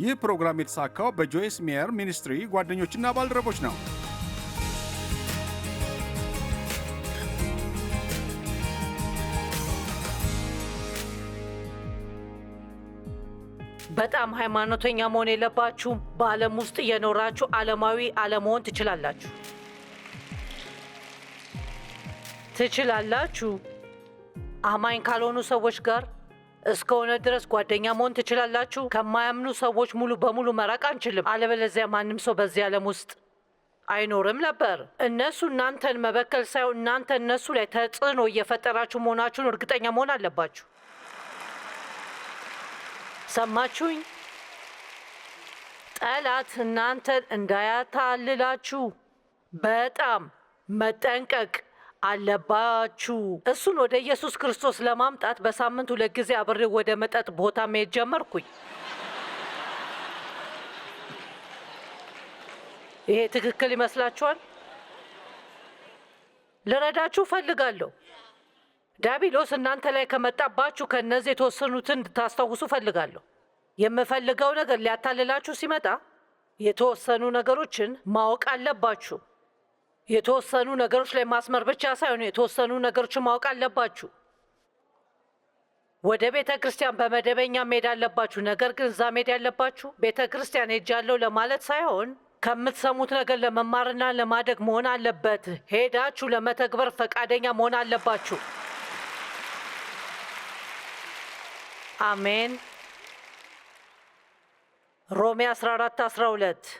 ይህ ፕሮግራም የተሳካው በጆይስ ሜየር ሚኒስትሪ ጓደኞችና ባልደረቦች ነው። በጣም ሃይማኖተኛ መሆን የለባችሁም። በዓለም ውስጥ እየኖራችሁ ዓለማዊ አለመሆን ትችላላችሁ ትችላላችሁ። አማኝ ካልሆኑ ሰዎች ጋር እስከሆነ ድረስ ጓደኛ መሆን ትችላላችሁ። ከማያምኑ ሰዎች ሙሉ በሙሉ መራቅ አንችልም፣ አለበለዚያ ማንም ሰው በዚህ ዓለም ውስጥ አይኖርም ነበር። እነሱ እናንተን መበከል ሳይሆን እናንተ እነሱ ላይ ተጽዕኖ እየፈጠራችሁ መሆናችሁን እርግጠኛ መሆን አለባችሁ። ሰማችሁኝ? ጠላት እናንተን እንዳያታልላችሁ በጣም መጠንቀቅ አለባችሁ። እሱን ወደ ኢየሱስ ክርስቶስ ለማምጣት በሳምንት ሁለት ጊዜ አብሬው ወደ መጠጥ ቦታ መሄድ ጀመርኩኝ። ይሄ ትክክል ይመስላችኋል? ልረዳችሁ ፈልጋለሁ። ዳቢሎስ እናንተ ላይ ከመጣባችሁ ከእነዚህ የተወሰኑትን እንድታስታውሱ ፈልጋለሁ። የምፈልገው ነገር ሊያታልላችሁ ሲመጣ የተወሰኑ ነገሮችን ማወቅ አለባችሁ። የተወሰኑ ነገሮች ላይ ማስመር ብቻ ሳይሆን የተወሰኑ ነገሮችን ማወቅ አለባችሁ። ወደ ቤተ ክርስቲያን በመደበኛ መሄድ አለባችሁ። ነገር ግን እዛ መሄድ ያለባችሁ ቤተ ክርስቲያን ሄጃለሁ ለማለት ሳይሆን ከምትሰሙት ነገር ለመማርና ለማደግ መሆን አለበት። ሄዳችሁ ለመተግበር ፈቃደኛ መሆን አለባችሁ። አሜን። ሮሜ 14 12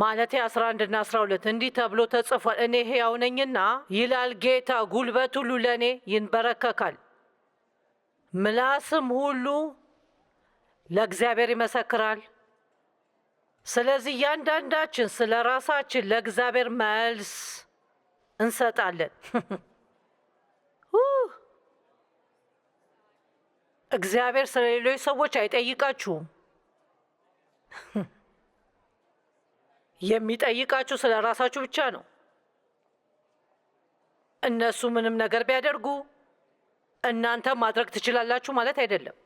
ማለቴ 11 እና 12 እንዲህ ተብሎ ተጽፏል። እኔ ሕያው ነኝና ይላል ጌታ፣ ጉልበት ሁሉ ለእኔ ይንበረከካል፣ ምላስም ሁሉ ለእግዚአብሔር ይመሰክራል። ስለዚህ እያንዳንዳችን ስለ ራሳችን ለእግዚአብሔር መልስ እንሰጣለን። እግዚአብሔር ስለ ሌሎች ሰዎች አይጠይቃችሁም። የሚጠይቃችሁ ስለ ራሳችሁ ብቻ ነው። እነሱ ምንም ነገር ቢያደርጉ እናንተ ማድረግ ትችላላችሁ ማለት አይደለም።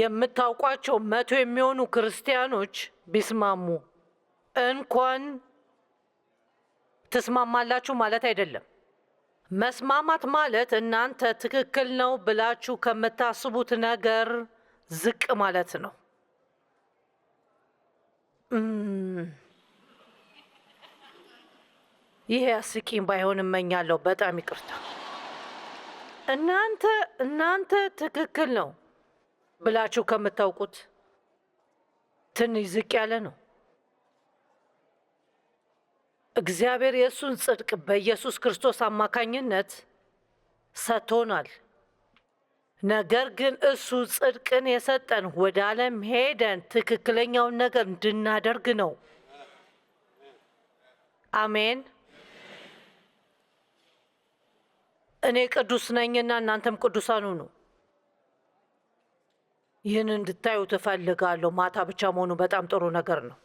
የምታውቋቸው መቶ የሚሆኑ ክርስቲያኖች ቢስማሙ እንኳን ትስማማላችሁ ማለት አይደለም። መስማማት ማለት እናንተ ትክክል ነው ብላችሁ ከምታስቡት ነገር ዝቅ ማለት ነው። ይሄ አስቂኝ ባይሆን እመኛለሁ። በጣም ይቅርታ። እናንተ እናንተ ትክክል ነው ብላችሁ ከምታውቁት ትንሽ ዝቅ ያለ ነው። እግዚአብሔር የእሱን ጽድቅ በኢየሱስ ክርስቶስ አማካኝነት ሰጥቶናል። ነገር ግን እሱ ጽድቅን የሰጠን ወደ ዓለም ሄደን ትክክለኛውን ነገር እንድናደርግ ነው። አሜን። እኔ ቅዱስ ነኝና እናንተም ቅዱሳን ሁኑ። ይህን እንድታዩ ትፈልጋለሁ። ማታ ብቻ መሆኑ በጣም ጥሩ ነገር ነው።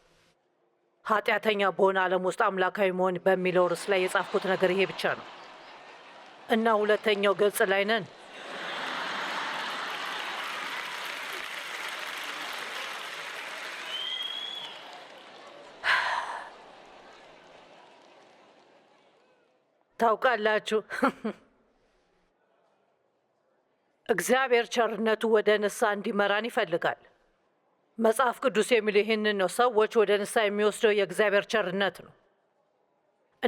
ኃጢአተኛ በሆነ ዓለም ውስጥ አምላካዊ መሆን በሚለው ርዕስ ላይ የጻፍኩት ነገር ይሄ ብቻ ነው እና ሁለተኛው ገጽ ላይ ነን። ታውቃላችሁ እግዚአብሔር ቸርነቱ ወደ ንሳ እንዲመራን ይፈልጋል። መጽሐፍ ቅዱስ የሚል ይህንን ነው። ሰዎች ወደ ንሳ የሚወስደው የእግዚአብሔር ቸርነት ነው።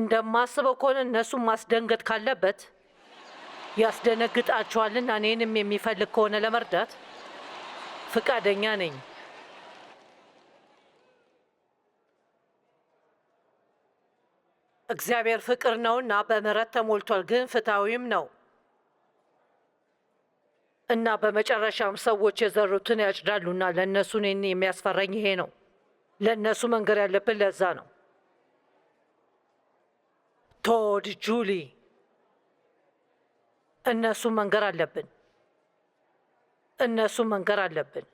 እንደማስበው ከሆነ እነሱም ማስደንገጥ ካለበት ያስደነግጣቸዋልና እኔንም የሚፈልግ ከሆነ ለመርዳት ፍቃደኛ ነኝ። እግዚአብሔር ፍቅር ነውና በምሕረት ተሞልቷል፣ ግን ፍትሐዊም ነው። እና በመጨረሻም ሰዎች የዘሩትን ያጭዳሉና ለእነሱ እኔን የሚያስፈራኝ ይሄ ነው። ለእነሱ መንገር ያለብን ለዛ ነው። ቶድ ጁሊ፣ እነሱ መንገር አለብን። እነሱ መንገር አለብን።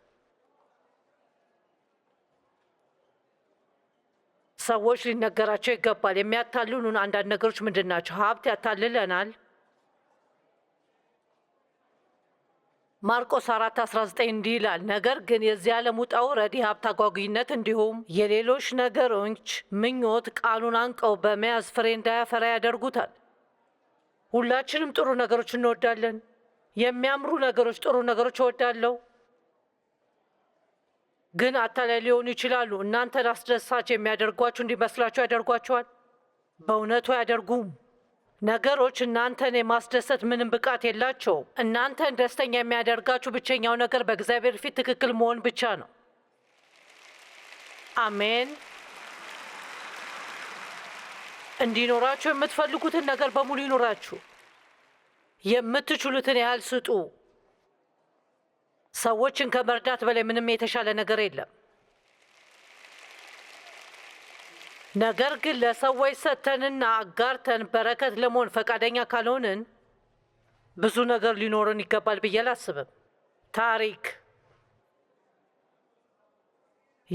ሰዎች ሊነገራቸው ይገባል። የሚያታልሉን አንዳንድ ነገሮች ምንድን ናቸው? ሀብት ያታልለናል። ማርቆስ 4:19 እንዲህ ይላል፣ ነገር ግን የዚህ ዓለም ውጣ ውረድ፣ የሀብት ተጓጊነት፣ እንዲሁም የሌሎች ነገሮች ምኞት ቃሉን አንቀው በመያዝ ፍሬ እንዳያፈራ ያደርጉታል። ሁላችንም ጥሩ ነገሮች እንወዳለን። የሚያምሩ ነገሮች፣ ጥሩ ነገሮች እወዳለሁ፣ ግን አታላይ ሊሆኑ ይችላሉ። እናንተን አስደሳች የሚያደርጓችሁ እንዲመስላችሁ ያደርጓቸዋል። በእውነቱ አያደርጉም። ነገሮች እናንተን የማስደሰት ምንም ብቃት የላቸውም። እናንተን ደስተኛ የሚያደርጋችሁ ብቸኛው ነገር በእግዚአብሔር ፊት ትክክል መሆን ብቻ ነው። አሜን። እንዲኖራችሁ የምትፈልጉትን ነገር በሙሉ ይኖራችሁ። የምትችሉትን ያህል ስጡ። ሰዎችን ከመርዳት በላይ ምንም የተሻለ ነገር የለም። ነገር ግን ለሰዎች ሰጥተንና አጋርተን በረከት ለመሆን ፈቃደኛ ካልሆንን ብዙ ነገር ሊኖረን ይገባል ብዬ አላስብም። ታሪክ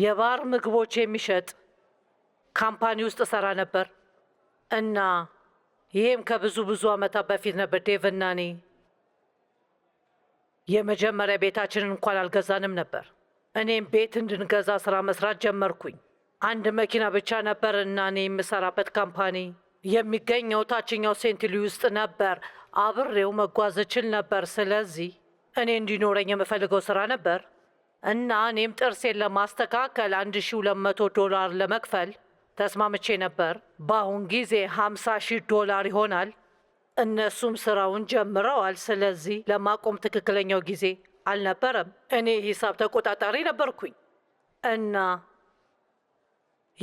የባር ምግቦች የሚሸጥ ካምፓኒ ውስጥ እሰራ ነበር እና ይህም ከብዙ ብዙ ዓመታት በፊት ነበር። ዴቭ እና እኔ የመጀመሪያ ቤታችንን እንኳን አልገዛንም ነበር። እኔም ቤት እንድንገዛ ስራ መስራት ጀመርኩኝ። አንድ መኪና ብቻ ነበር እና እኔ የምሰራበት ካምፓኒ የሚገኘው ታችኛው ሴንትሊ ውስጥ ነበር። አብሬው መጓዝ እችል ነበር። ስለዚህ እኔ እንዲኖረኝ የምፈልገው ስራ ነበር እና እኔም ጥርሴን ለማስተካከል 1200 ዶላር ለመክፈል ተስማምቼ ነበር። በአሁን ጊዜ ሀምሳ ሺህ ዶላር ይሆናል። እነሱም ስራውን ጀምረዋል። ስለዚህ ለማቆም ትክክለኛው ጊዜ አልነበረም። እኔ ሂሳብ ተቆጣጣሪ ነበርኩኝ እና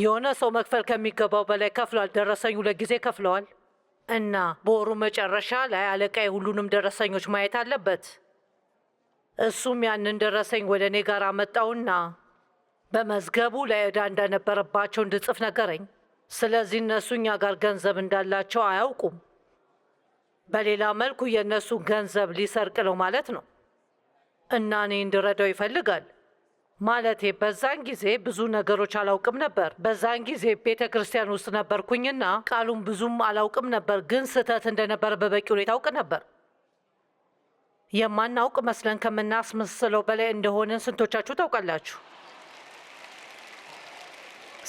የሆነ ሰው መክፈል ከሚገባው በላይ ከፍሏል። ደረሰኝ ለጊዜ ጊዜ ከፍለዋል እና በወሩ መጨረሻ ላይ አለቃዬ ሁሉንም ደረሰኞች ማየት አለበት። እሱም ያንን ደረሰኝ ወደ እኔ ጋር አመጣውና በመዝገቡ ላይ ዕዳ እንደነበረባቸው እንድጽፍ ነገረኝ። ስለዚህ እነሱ እኛ ጋር ገንዘብ እንዳላቸው አያውቁም። በሌላ መልኩ የእነሱ ገንዘብ ሊሰርቅ ነው ማለት ነው እና እኔ እንድረዳው ይፈልጋል። ማለቴ በዛን ጊዜ ብዙ ነገሮች አላውቅም ነበር። በዛን ጊዜ ቤተ ክርስቲያን ውስጥ ነበርኩኝና ቃሉን ብዙም አላውቅም ነበር፣ ግን ስህተት እንደነበረ በበቂ ሁኔታ አውቅ ነበር። የማናውቅ መስለን ከምናስመስለው በላይ እንደሆነን ስንቶቻችሁ ታውቃላችሁ?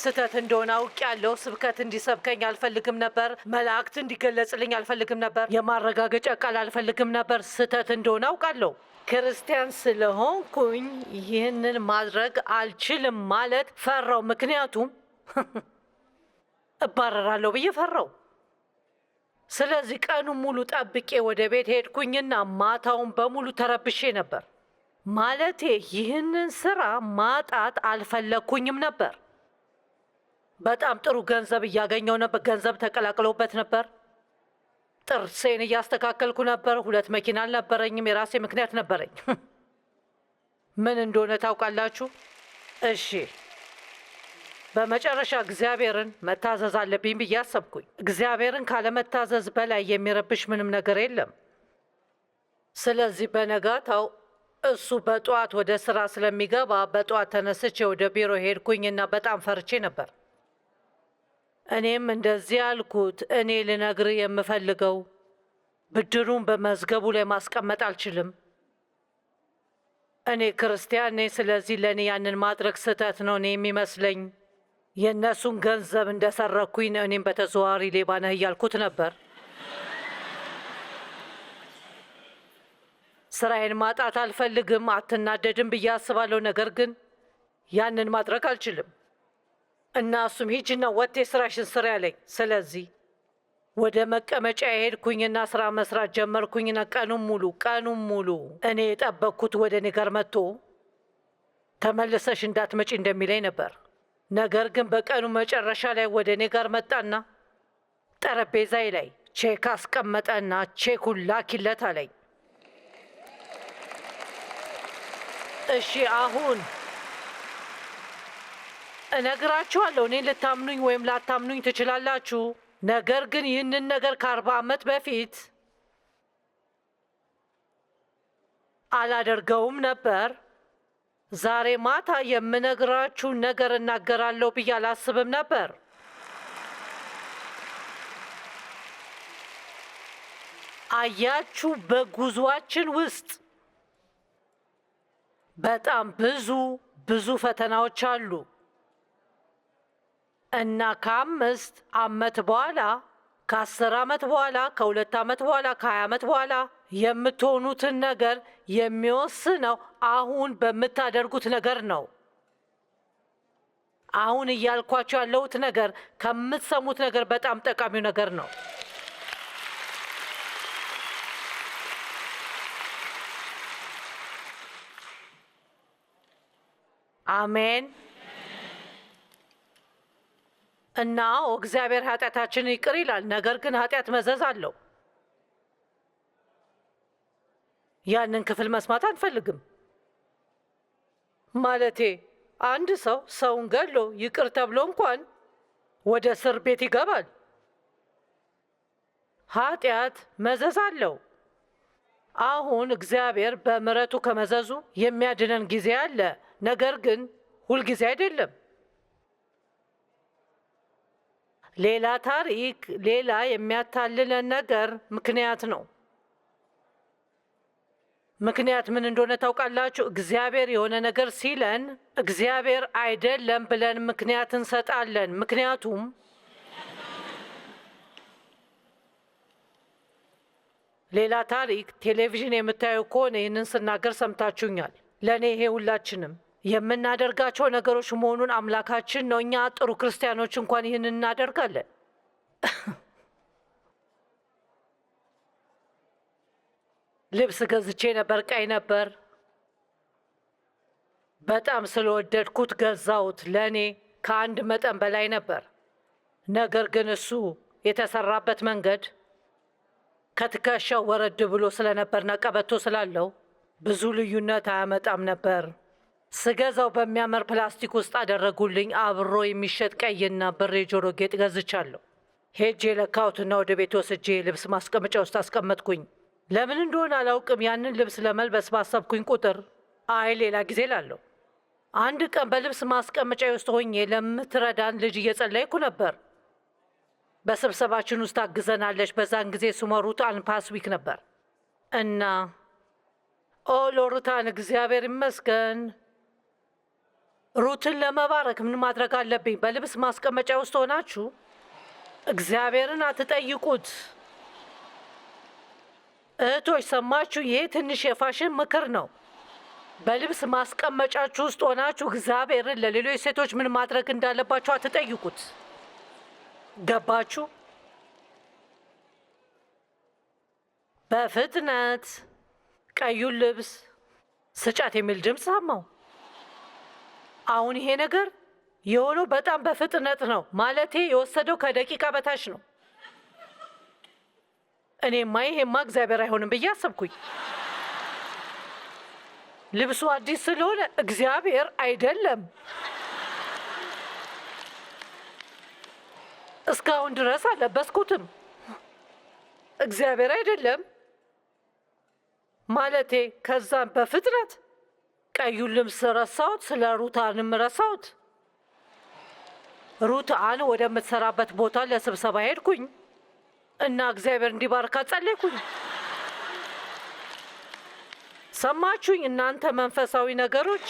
ስህተት እንደሆነ አውቅ ያለው ስብከት እንዲሰብከኝ አልፈልግም ነበር። መላእክት እንዲገለጽልኝ አልፈልግም ነበር። የማረጋገጫ ቃል አልፈልግም ነበር። ስህተት እንደሆነ አውቃለሁ። ክርስቲያን ስለሆንኩኝ ይህንን ማድረግ አልችልም ማለት ፈራው። ምክንያቱም እባረራለሁ ብዬ ፈራው። ስለዚህ ቀኑ ሙሉ ጠብቄ ወደ ቤት ሄድኩኝና ማታውን በሙሉ ተረብሼ ነበር። ማለቴ ይህንን ስራ ማጣት አልፈለግኩኝም ነበር። በጣም ጥሩ ገንዘብ እያገኘው ነበር። ገንዘብ ተቀላቅለውበት ነበር። ጥርሴን እያስተካከልኩ ነበር። ሁለት መኪና አልነበረኝም። የራሴ ምክንያት ነበረኝ። ምን እንደሆነ ታውቃላችሁ? እሺ፣ በመጨረሻ እግዚአብሔርን መታዘዝ አለብኝ ብዬ አሰብኩኝ። እግዚአብሔርን ካለመታዘዝ በላይ የሚረብሽ ምንም ነገር የለም። ስለዚህ በነጋታው እሱ በጠዋት ወደ ስራ ስለሚገባ በጠዋት ተነስቼ ወደ ቢሮ ሄድኩኝና በጣም ፈርቼ ነበር። እኔም እንደዚህ አልኩት። እኔ ልነግር የምፈልገው ብድሩን በመዝገቡ ላይ ማስቀመጥ አልችልም። እኔ ክርስቲያን ነኝ። ስለዚህ ለእኔ ያንን ማድረግ ስህተት ነው እኔ የሚመስለኝ። የእነሱን ገንዘብ እንደሰረኩኝ እኔም በተዘዋዋሪ ሌባ ነህ እያልኩት ነበር። ስራዬን ማጣት አልፈልግም። አትናደድም ብዬ አስባለሁ። ነገር ግን ያንን ማድረግ አልችልም። እና እሱም ሂጅና ወጥቴ ስራሽን ስራ ያለኝ። ስለዚህ ወደ መቀመጫ የሄድኩኝና ስራ መስራት ጀመርኩኝና ቀኑም ሙሉ ቀኑም ሙሉ እኔ የጠበቅኩት ወደ እኔ ጋር መጥቶ ተመልሰሽ እንዳትመጪ እንደሚለኝ ነበር። ነገር ግን በቀኑ መጨረሻ ላይ ወደ እኔ ጋር መጣና ጠረጴዛዬ ላይ ቼክ አስቀመጠና ቼኩን ላኪለት አለኝ። እሺ አሁን እነግራችኋለሁ። እኔ ልታምኑኝ ወይም ላታምኑኝ ትችላላችሁ። ነገር ግን ይህንን ነገር ከአርባ ዓመት በፊት አላደርገውም ነበር። ዛሬ ማታ የምነግራችሁን ነገር እናገራለሁ ብዬ አላስብም ነበር። አያችሁ፣ በጉዟችን ውስጥ በጣም ብዙ ብዙ ፈተናዎች አሉ። እና ከአምስት አመት በኋላ ከአስር አመት በኋላ ከሁለት አመት በኋላ ከሀያ አመት በኋላ የምትሆኑትን ነገር የሚወስነው አሁን በምታደርጉት ነገር ነው። አሁን እያልኳቸው ያለሁት ነገር ከምትሰሙት ነገር በጣም ጠቃሚው ነገር ነው። አሜን። እና እግዚአብሔር ኃጢአታችንን ይቅር ይላል፣ ነገር ግን ኃጢአት መዘዝ አለው። ያንን ክፍል መስማት አንፈልግም። ማለቴ አንድ ሰው ሰውን ገሎ ይቅር ተብሎ እንኳን ወደ እስር ቤት ይገባል። ኃጢአት መዘዝ አለው። አሁን እግዚአብሔር በምሕረቱ ከመዘዙ የሚያድነን ጊዜ አለ፣ ነገር ግን ሁልጊዜ አይደለም። ሌላ ታሪክ፣ ሌላ የሚያታልለን ነገር ምክንያት ነው። ምክንያት ምን እንደሆነ ታውቃላችሁ? እግዚአብሔር የሆነ ነገር ሲለን እግዚአብሔር አይደለም ብለን ምክንያት እንሰጣለን። ምክንያቱም ሌላ ታሪክ ቴሌቪዥን የምታየው ከሆነ ይህንን ስናገር ሰምታችሁኛል። ለእኔ ይሄ ሁላችንም የምናደርጋቸው ነገሮች መሆኑን አምላካችን ነው። እኛ ጥሩ ክርስቲያኖች እንኳን ይህን እናደርጋለን። ልብስ ገዝቼ ነበር፣ ቀይ ነበር። በጣም ስለወደድኩት ገዛሁት። ለእኔ ከአንድ መጠን በላይ ነበር። ነገር ግን እሱ የተሰራበት መንገድ ከትከሻው ወረድ ብሎ ስለነበርና ቀበቶ ስላለው ብዙ ልዩነት አያመጣም ነበር። ስገዛው በሚያምር ፕላስቲክ ውስጥ አደረጉልኝ። አብሮ የሚሸጥ ቀይና ብር የጆሮ ጌጥ ገዝቻለሁ። ሄጄ የለካሁትና ወደ ቤት ወስጄ ልብስ ማስቀመጫ ውስጥ አስቀመጥኩኝ። ለምን እንደሆነ አላውቅም። ያንን ልብስ ለመልበስ ባሰብኩኝ ቁጥር አይ ሌላ ጊዜ ላለሁ። አንድ ቀን በልብስ ማስቀመጫ ውስጥ ሆኜ ለምትረዳን ልጅ እየጸለይኩ ነበር። በስብሰባችን ውስጥ አግዘናለች። በዛን ጊዜ ስሟ ሩት አንፓስዊክ ነበር እና ኦ ሎሩታን እግዚአብሔር ይመስገን ሩትን ለመባረክ ምን ማድረግ አለብኝ? በልብስ ማስቀመጫ ውስጥ ሆናችሁ እግዚአብሔርን አትጠይቁት። እህቶች ሰማችሁ? ይሄ ትንሽ የፋሽን ምክር ነው። በልብስ ማስቀመጫችሁ ውስጥ ሆናችሁ እግዚአብሔርን ለሌሎች ሴቶች ምን ማድረግ እንዳለባችሁ አትጠይቁት። ገባችሁ? በፍጥነት ቀዩን ልብስ ስጫት የሚል ድምፅ ሰማሁ። አሁን ይሄ ነገር የሆነው በጣም በፍጥነት ነው። ማለቴ የወሰደው ከደቂቃ በታች ነው። እኔማ ይሄማ እግዚአብሔር አይሆንም ብዬ አሰብኩኝ። ልብሱ አዲስ ስለሆነ እግዚአብሔር አይደለም። እስካሁን ድረስ አለበስኩትም። እግዚአብሔር አይደለም ማለቴ ከዛም በፍጥነት ቀዩ ልብስ ረሳሁት። ስለ ሩታንም ረሳሁት። አን ወደምትሰራበት ቦታ ለስብሰባ ሄድኩኝ እና እግዚአብሔር እንዲባርካ ጸለይኩኝ። ሰማችሁኝ? እናንተ መንፈሳዊ ነገሮች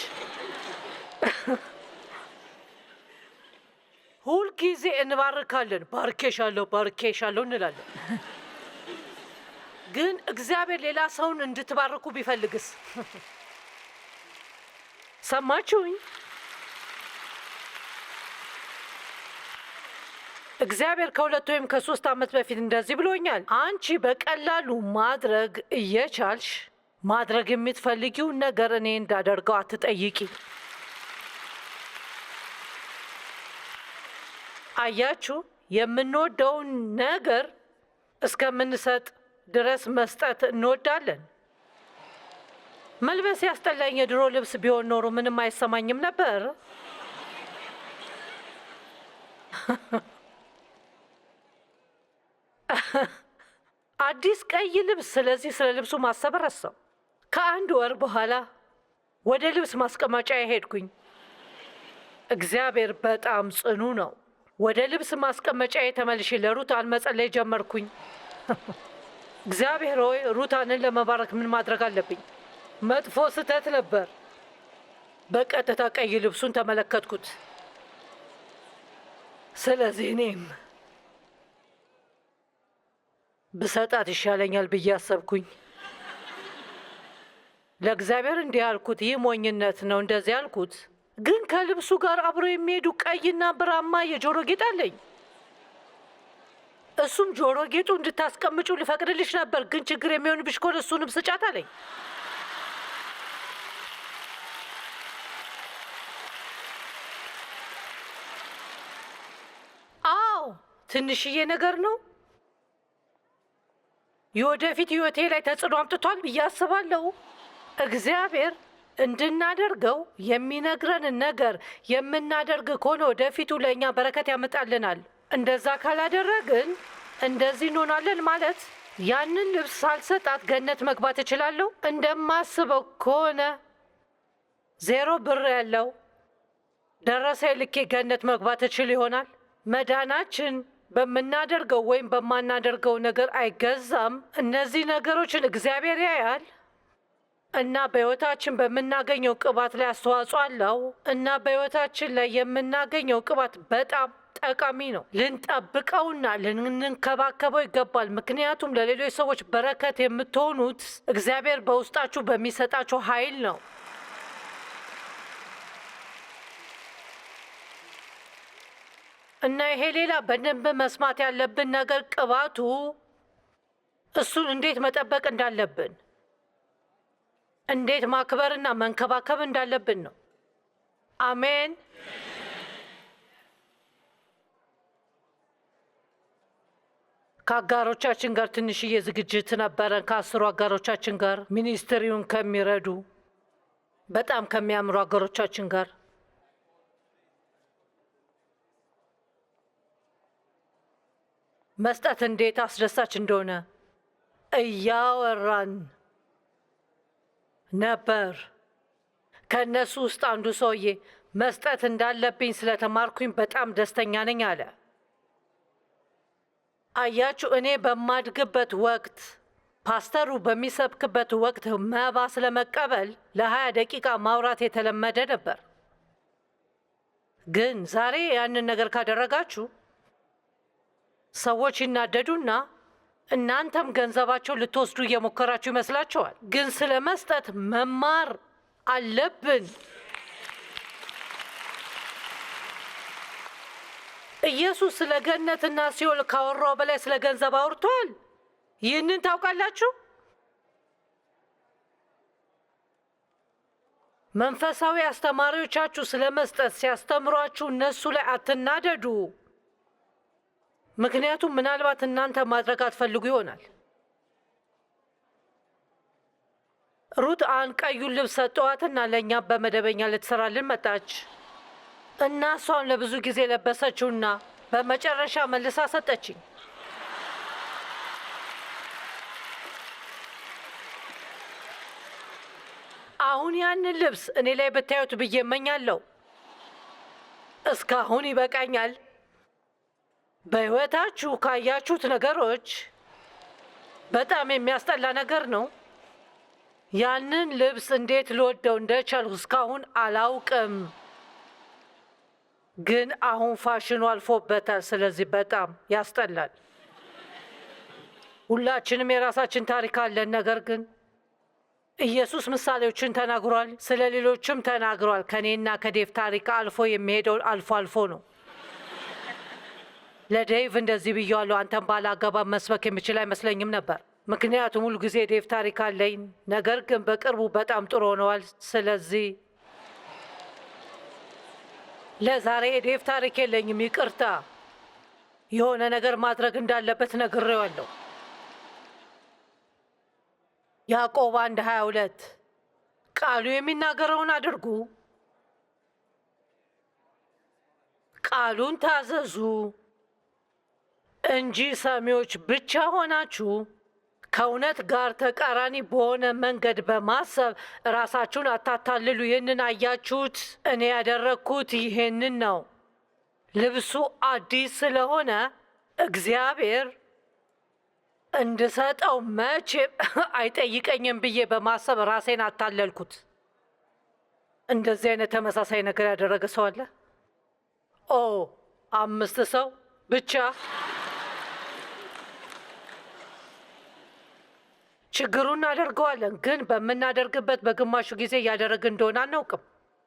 ሁልጊዜ እንባርካለን። ባርኬሻለሁ፣ ባርኬሻለሁ እንላለን። ግን እግዚአብሔር ሌላ ሰውን እንድትባርኩ ቢፈልግስ? ሰማችሁኝ? እግዚአብሔር ከሁለት ወይም ከሶስት ዓመት በፊት እንደዚህ ብሎኛል። አንቺ በቀላሉ ማድረግ እየቻልሽ ማድረግ የምትፈልጊውን ነገር እኔ እንዳደርገው አትጠይቂ። አያችሁ፣ የምንወደውን ነገር እስከምንሰጥ ድረስ መስጠት እንወዳለን። መልበስ ያስጠላኝ የድሮ ልብስ ቢሆን ኖሮ ምንም አይሰማኝም ነበር። አዲስ ቀይ ልብስ። ስለዚህ ስለ ልብሱ ማሰብ ረሳው። ከአንድ ወር በኋላ ወደ ልብስ ማስቀመጫ ሄድኩኝ። እግዚአብሔር በጣም ጽኑ ነው። ወደ ልብስ ማስቀመጫ የተመልሼ ለሩታን መጸለይ ጀመርኩኝ። እግዚአብሔር ሆይ ሩታንን ለመባረክ ምን ማድረግ አለብኝ? መጥፎ ስህተት ነበር። በቀጥታ ቀይ ልብሱን ተመለከትኩት። ስለዚህ እኔም ብሰጣት ይሻለኛል ብዬ አሰብኩኝ። ለእግዚአብሔር እንዲህ ያልኩት ይህ ሞኝነት ነው። እንደዚህ ያልኩት ግን ከልብሱ ጋር አብሮ የሚሄዱ ቀይና ብራማ የጆሮ ጌጥ አለኝ። እሱም ጆሮ ጌጡ እንድታስቀምጩ ልፈቅድልሽ ነበር፣ ግን ችግር የሚሆንብሽ ከሆነ እሱንም ስጫት አለኝ። ትንሽዬ ነገር ነው። የወደፊት ህይወቴ ላይ ተጽዕኖ አምጥቷል ብዬ አስባለሁ። እግዚአብሔር እንድናደርገው የሚነግረንን ነገር የምናደርግ ከሆነ ወደፊቱ ለእኛ በረከት ያመጣልናል። እንደዛ ካላደረግን እንደዚህ እንሆናለን ማለት ያንን ልብስ ሳልሰጣት ገነት መግባት እችላለሁ? እንደማስበው ከሆነ ዜሮ ብር ያለው ደረሰ ልኬ ገነት መግባት እችል ይሆናል። መዳናችን በምናደርገው ወይም በማናደርገው ነገር አይገዛም። እነዚህ ነገሮችን እግዚአብሔር ያያል እና በሕይወታችን በምናገኘው ቅባት ላይ አስተዋጽኦ አለው እና በሕይወታችን ላይ የምናገኘው ቅባት በጣም ጠቃሚ ነው። ልንጠብቀውና ልንንከባከበው ይገባል። ምክንያቱም ለሌሎች ሰዎች በረከት የምትሆኑት እግዚአብሔር በውስጣችሁ በሚሰጣችሁ ኃይል ነው። እና ይሄ ሌላ በደንብ መስማት ያለብን ነገር ቅባቱ እሱን እንዴት መጠበቅ እንዳለብን እንዴት ማክበርና መንከባከብ እንዳለብን ነው። አሜን። ከአጋሮቻችን ጋር ትንሽዬ ዝግጅት ነበረን። ከአስሩ አጋሮቻችን ጋር ሚኒስትሪውን ከሚረዱ በጣም ከሚያምሩ አገሮቻችን ጋር መስጠት እንዴት አስደሳች እንደሆነ እያወራን ነበር። ከእነሱ ውስጥ አንዱ ሰውዬ መስጠት እንዳለብኝ ስለተማርኩኝ በጣም ደስተኛ ነኝ አለ። አያችሁ፣ እኔ በማድግበት ወቅት ፓስተሩ በሚሰብክበት ወቅት መባ ስለመቀበል ለሀያ ደቂቃ ማውራት የተለመደ ነበር። ግን ዛሬ ያንን ነገር ካደረጋችሁ ሰዎች ይናደዱና እናንተም ገንዘባቸው ልትወስዱ እየሞከራችሁ ይመስላችኋል። ግን ስለ መስጠት መማር አለብን። ኢየሱስ ስለ ገነትና ሲኦል ካወራው በላይ ስለ ገንዘብ አውርቷል። ይህንን ታውቃላችሁ። መንፈሳዊ አስተማሪዎቻችሁ ስለ መስጠት ሲያስተምሯችሁ እነሱ ላይ አትናደዱ። ምክንያቱም ምናልባት እናንተ ማድረግ አትፈልጉ ይሆናል። ሩት አን ቀዩን ልብስ ሰጠዋትና ለእኛ በመደበኛ ልትሰራልን መጣች እና እሷን ለብዙ ጊዜ ለበሰችውና በመጨረሻ መልሳ ሰጠችኝ። አሁን ያንን ልብስ እኔ ላይ ብታዩት ብዬ እመኛለሁ። እስካሁን ይበቃኛል። በህይወታችሁ ካያችሁት ነገሮች በጣም የሚያስጠላ ነገር ነው። ያንን ልብስ እንዴት ልወደው እንደቻልኩ እስካሁን አላውቅም፣ ግን አሁን ፋሽኑ አልፎበታል። ስለዚህ በጣም ያስጠላል። ሁላችንም የራሳችን ታሪክ አለን። ነገር ግን ኢየሱስ ምሳሌዎችን ተናግሯል፣ ስለ ሌሎችም ተናግሯል። ከእኔና ከዴቭ ታሪክ አልፎ የሚሄደው አልፎ አልፎ ነው። ለዴቭ እንደዚህ ብያለሁ፣ አንተን ባለ አገባብ መስበክ የሚችል አይመስለኝም ነበር። ምክንያቱም ሁሉ ጊዜ ዴቭ ታሪክ አለኝ፣ ነገር ግን በቅርቡ በጣም ጥሩ ሆነዋል። ስለዚህ ለዛሬ የዴቭ ታሪክ የለኝም። ይቅርታ፣ የሆነ ነገር ማድረግ እንዳለበት ነግሬዋለሁ። ያዕቆብ አንድ 22 ቃሉ የሚናገረውን አድርጉ፣ ቃሉን ታዘዙ። እንጂ ሰሚዎች ብቻ ሆናችሁ ከእውነት ጋር ተቃራኒ በሆነ መንገድ በማሰብ ራሳችሁን አታታልሉ። ይህንን አያችሁት? እኔ ያደረግኩት ይህንን ነው። ልብሱ አዲስ ስለሆነ እግዚአብሔር እንድሰጠው መቼም አይጠይቀኝም ብዬ በማሰብ ራሴን አታለልኩት። እንደዚህ አይነት ተመሳሳይ ነገር ያደረገ ሰው አለ? ኦ አምስት ሰው ብቻ ችግሩ እናደርገዋለን፣ ግን በምናደርግበት በግማሹ ጊዜ እያደረግ እንደሆነ አናውቅም።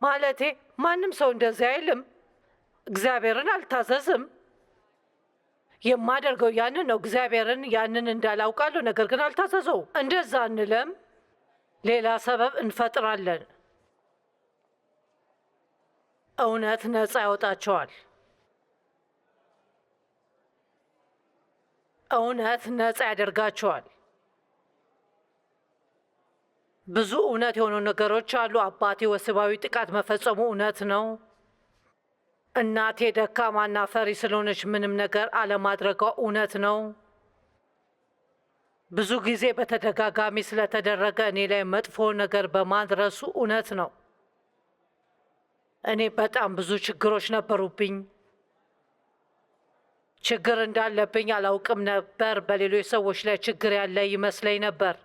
ማለቴ ማንም ሰው እንደዚህ አይልም። እግዚአብሔርን አልታዘዝም። የማደርገው ያንን ነው። እግዚአብሔርን ያንን እንዳላውቃለሁ፣ ነገር ግን አልታዘዘው። እንደዛ እንለም፣ ሌላ ሰበብ እንፈጥራለን። እውነት ነፃ ያወጣቸዋል። እውነት ነፃ ያደርጋቸዋል። ብዙ እውነት የሆኑ ነገሮች አሉ። አባቴ ወሲባዊ ጥቃት መፈጸሙ እውነት ነው። እናቴ ደካማና ፈሪ ስለሆነች ምንም ነገር አለማድረጓ እውነት ነው። ብዙ ጊዜ በተደጋጋሚ ስለተደረገ እኔ ላይ መጥፎ ነገር በማድረሱ እውነት ነው። እኔ በጣም ብዙ ችግሮች ነበሩብኝ። ችግር እንዳለብኝ አላውቅም ነበር። በሌሎች ሰዎች ላይ ችግር ያለ ይመስለኝ ነበር።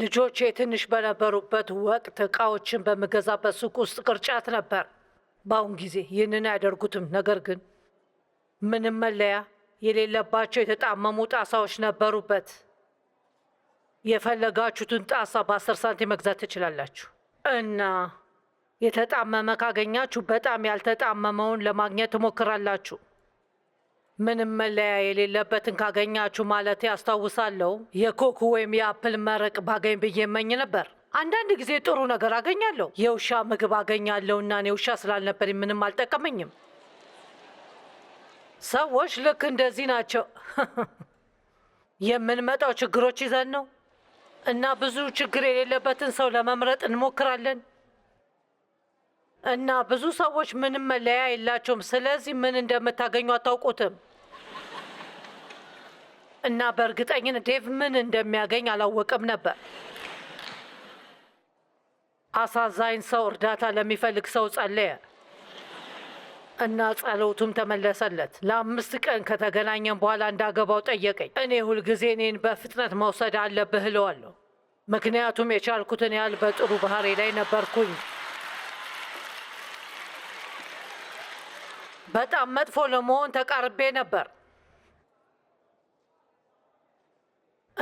ልጆቼ ትንሽ በነበሩበት ወቅት እቃዎችን በምገዛበት ሱቅ ውስጥ ቅርጫት ነበር። በአሁን ጊዜ ይህንን አያደርጉትም። ነገር ግን ምንም መለያ የሌለባቸው የተጣመሙ ጣሳዎች ነበሩበት። የፈለጋችሁትን ጣሳ በአስር ሳንቲም መግዛት ትችላላችሁ እና የተጣመመ ካገኛችሁ በጣም ያልተጣመመውን ለማግኘት ትሞክራላችሁ። ምንም መለያ የሌለበትን ካገኛችሁ ማለት ያስታውሳለሁ። የኮክ ወይም የአፕል መረቅ ባገኝ ብዬ እመኝ ነበር። አንዳንድ ጊዜ ጥሩ ነገር አገኛለሁ። የውሻ ምግብ አገኛለሁ እና እኔ ውሻ ስላልነበር ምንም አልጠቀመኝም። ሰዎች ልክ እንደዚህ ናቸው። የምንመጣው ችግሮች ይዘን ነው እና ብዙ ችግር የሌለበትን ሰው ለመምረጥ እንሞክራለን እና ብዙ ሰዎች ምንም መለያ የላቸውም። ስለዚህ ምን እንደምታገኙ አታውቁትም። እና በእርግጠኝን ዴቭ ምን እንደሚያገኝ አላወቅም ነበር። አሳዛኝ ሰው እርዳታ ለሚፈልግ ሰው ጸለየ እና ጸሎቱም ተመለሰለት። ለአምስት ቀን ከተገናኘን በኋላ እንዳገባው ጠየቀኝ። እኔ ሁልጊዜ እኔን በፍጥነት መውሰድ አለብህ እለዋለሁ፣ ምክንያቱም የቻልኩትን ያህል በጥሩ ባህሪ ላይ ነበርኩኝ። በጣም መጥፎ ለመሆን ተቃርቤ ነበር።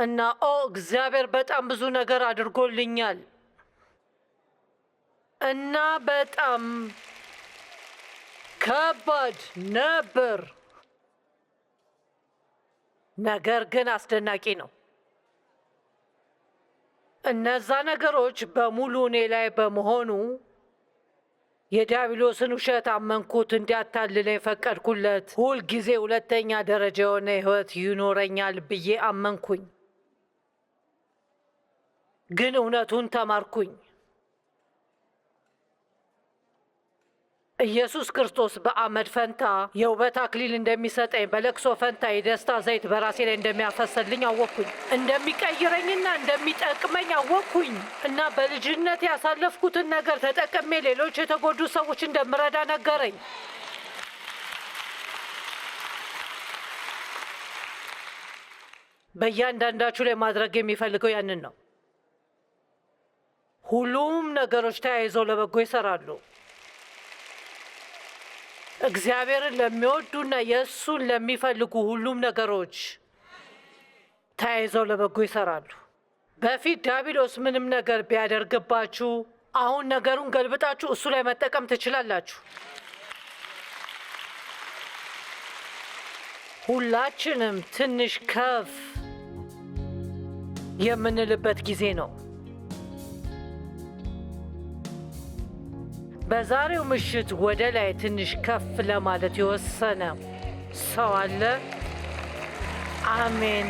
እና ኦ እግዚአብሔር በጣም ብዙ ነገር አድርጎልኛል እና በጣም ከባድ ነበር፣ ነገር ግን አስደናቂ ነው። እነዛ ነገሮች በሙሉ እኔ ላይ በመሆኑ የዲያብሎስን ውሸት አመንኩት። እንዲያታልለ የፈቀድኩለት ሁልጊዜ ሁለተኛ ደረጃ የሆነ ሕይወት ይኖረኛል ብዬ አመንኩኝ። ግን እውነቱን ተማርኩኝ። ኢየሱስ ክርስቶስ በአመድ ፈንታ የውበት አክሊል እንደሚሰጠኝ በለቅሶ ፈንታ የደስታ ዘይት በራሴ ላይ እንደሚያፈሰልኝ አወቅኩኝ። እንደሚቀይረኝና እንደሚጠቅመኝ አወቅኩኝ እና በልጅነት ያሳለፍኩትን ነገር ተጠቅሜ ሌሎች የተጎዱ ሰዎች እንደምረዳ ነገረኝ። በእያንዳንዳችሁ ላይ ማድረግ የሚፈልገው ያንን ነው። ሁሉም ነገሮች ተያይዘው ለበጎ ይሰራሉ። እግዚአብሔርን ለሚወዱና የእሱን ለሚፈልጉ ሁሉም ነገሮች ተያይዘው ለበጎ ይሰራሉ። በፊት ዲያብሎስ ምንም ነገር ቢያደርግባችሁ አሁን ነገሩን ገልብጣችሁ እሱ ላይ መጠቀም ትችላላችሁ። ሁላችንም ትንሽ ከፍ የምንልበት ጊዜ ነው። በዛሬው ምሽት ወደ ላይ ትንሽ ከፍ ለማለት የወሰነ ሰው አለ? አሜን።